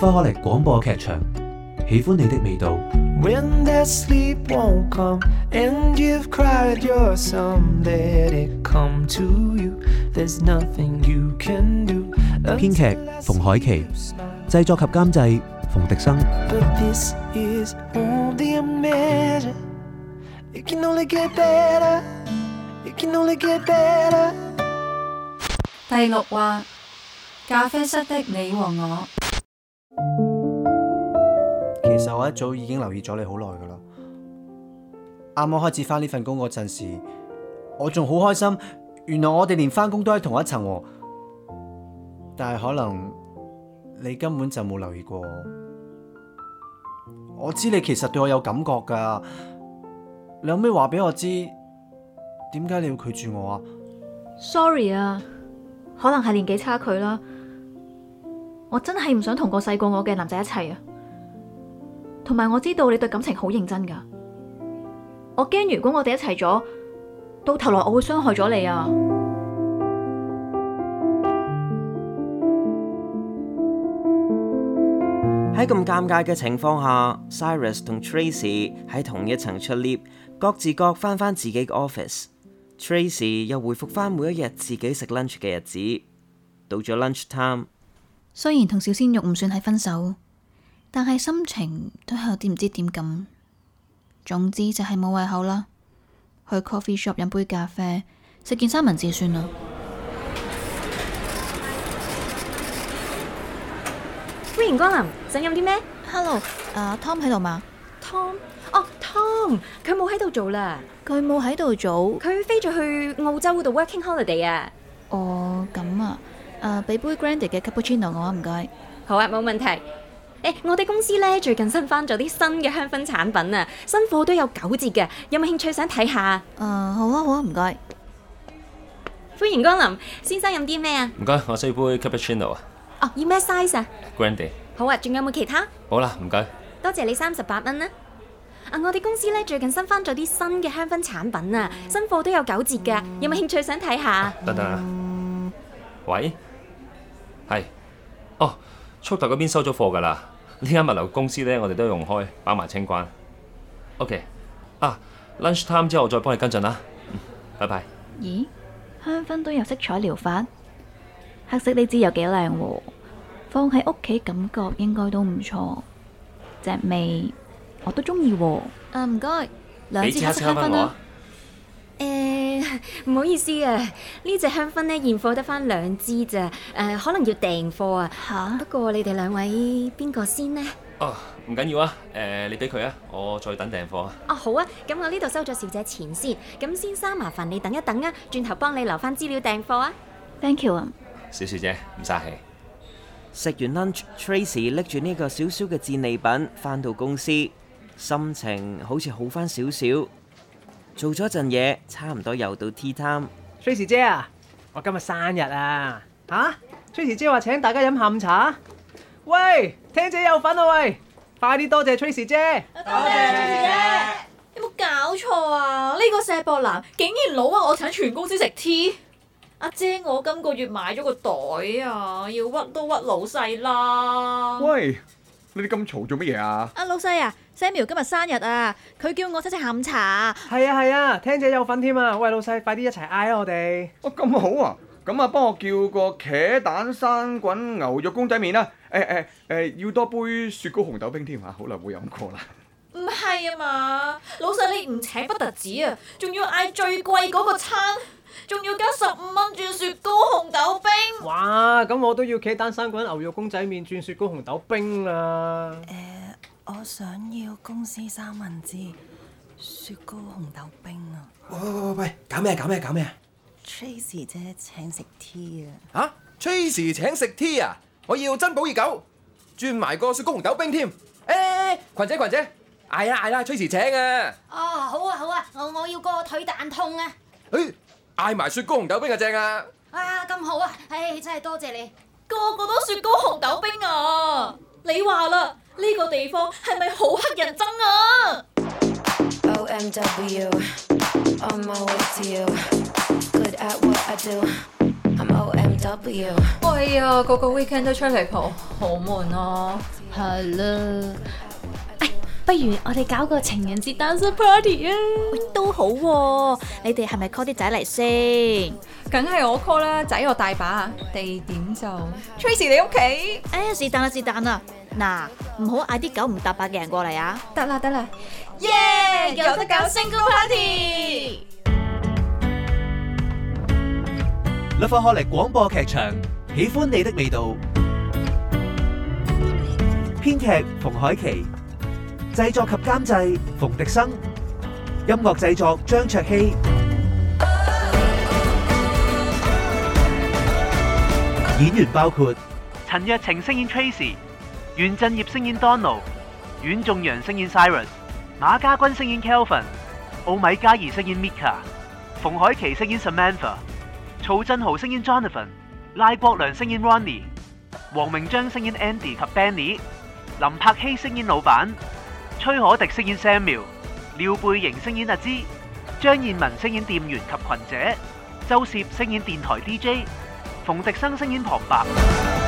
花花力廣播劇場，喜歡你的味道。編劇馮海琪，製作及監製馮迪生。But this is It can only get better. It can only get better. 第六話，咖啡室的你和我。早已經留意咗你好耐噶啦，啱啱開始翻呢份工嗰陣時，我仲好開心，原來我哋連翻工都喺同一層，但係可能你根本就冇留意過。我知你其實對我有感覺噶，你有咩話俾我知？點解你要拒絕我啊？Sorry 啊，可能係年紀差距啦，我真係唔想同個細過我嘅男仔一齊啊。同埋我知道你對感情好認真噶，我驚如果我哋一齊咗，到頭來我會傷害咗你啊！喺咁尷尬嘅情況下，Cyrus 同 Tracy 喺同一層出 lift，各自各返返自己嘅 office。Tracy 又回復返每一日自己食 lunch 嘅日子。到咗 lunch time，雖然同小鮮肉唔算係分手。但係心情都係有啲唔知點咁，總之就係冇胃口啦。去 coffee shop 飲杯咖啡，食件三文治算啦。歡迎光臨，想飲啲咩？Hello，啊、uh, Tom 喺度嘛？Tom？哦，Tom，佢冇喺度做啦，佢冇喺度做，佢飛咗去澳洲嗰度 working holiday 啊。哦、uh, e，咁啊，誒，俾杯 Grande 嘅 cappuccino 我啊，唔該。好啊，冇問題。誒、欸，我哋公司咧最近新翻咗啲新嘅香薰產品啊，新貨都有九折嘅，有冇興趣想睇下？誒、uh, 啊，好啊好啊，唔該。歡迎光臨，先生飲啲咩啊？唔該，我需要杯 cappuccino 啊。哦，要咩 size 啊？Grandy。好啊，仲有冇其他？好啦，唔該。多謝你三十八蚊啦。啊，我哋公司咧最近新翻咗啲新嘅香薰產品啊，新貨都有九折嘅，有冇興趣想睇下、嗯啊？等等啊，嗯、喂，係，哦，速達嗰邊收咗貨噶啦。呢間物流公司咧，我哋都用開包埋清關。OK 啊，lunch time 之後我再幫你跟進啦。拜拜。咦？香薰都有色彩療法，黑色呢支有幾靚喎？放喺屋企感覺應該都唔錯。隻味我都中意喎。啊，唔該，兩支黑色香薰啊。啊。唔 好意思啊，呢隻香薰呢，現貨得翻兩支咋。誒、呃，可能要訂貨啊。吓，Huh? 不過你哋兩位邊個先呢？哦，唔緊要啊，誒、呃，你俾佢啊，我再等訂貨啊。哦、啊，好啊，咁我呢度收咗小姐錢先，咁先生麻煩你等一等啊，轉頭幫你留翻資料訂貨啊。Thank you，啊，小小姐唔嘥氣。食完 lunch，Tracy 拎住呢個小小嘅戰利品，返到公司，心情好似好翻少少。做咗陣嘢，差唔多又到 tea time。Tracy 姐啊，我今日生日啊，吓！Tracy 姐話請大家飲下午茶。喂，聽者有份啊！喂，快啲多謝 Tracy 姐。多謝 Tracy 姐。有冇搞錯啊？呢個謝博男竟然老啊，我請全公司食 tea。阿姐，我今個月買咗個袋啊，要屈都屈老細啦。喂。你哋咁嘈做乜嘢啊？阿老細啊，Samuel 今日生日啊，佢叫我請請下午茶啊。係啊係啊，聽者有份添啊！喂，老細，快啲一齊嗌啦我哋。哦、啊，咁好啊，咁啊，幫我叫個茄蛋生滾牛肉公仔麵啦、啊。誒誒誒，要多杯雪糕紅豆冰添啊，好耐冇飲過啦。唔係啊嘛，老細你唔請不特止啊，仲要嗌最貴嗰個餐，仲要加十五蚊。咁我都要企單生滾牛肉公仔麵轉雪糕紅豆冰啊！誒，我想要公司三文治、雪糕紅豆冰啊！喂喂喂喂，搞咩？搞咩？搞咩？Tracy 姐請食 tea 啊！吓？Tracy 請食 tea 啊？我要珍寶熱狗，轉埋個雪糕紅豆冰添。誒、哎，群姐群姐，嗌啦嗌啦 Tracy 請啊！哦，好啊好啊，我我要個腿蛋痛啊！誒，嗌埋雪糕紅豆冰啊！正啊！啊，咁好啊！唉、哎，真係多謝，謝你，個個都雪糕紅豆冰啊！你話啦，呢、這個地方係咪好乞人憎啊？哎呀，個個 weekend 都出嚟蒲，好好悶啊！係啦。不如我哋搞個情人節單身 party 啊！喂、哎，都好、啊，你哋係咪 call 啲仔嚟先？梗係我 call 啦，仔我大把。地點就 Tracy 你屋企。哎呀，是但啦，是但啦。嗱、啊，唔好嗌啲九唔搭八嘅人過嚟啊！得啦，得啦。耶，有得搞 single party。樂凡開嚟廣播劇場，喜歡你的味道。編、嗯、劇馮海琪。製作及監製馮迪生，音樂製作張卓希。演員包括陳若晴飾演 Tracy，袁振業飾演 Donald，阮仲陽飾演 Siren，馬家軍飾演 Kelvin，奧米加兒飾演 Mika，馮海琪飾演 Samantha，曹振豪飾演 Jonathan，賴博良飾演 Ronnie，黃明章飾演 Andy 及 Benny，林柏希飾演老闆。崔可迪飾演 Samuel，廖貝瑩飾演阿芝，張燕文飾演店員及群姐，周攝飾演電台 DJ，馮迪生飾演旁白。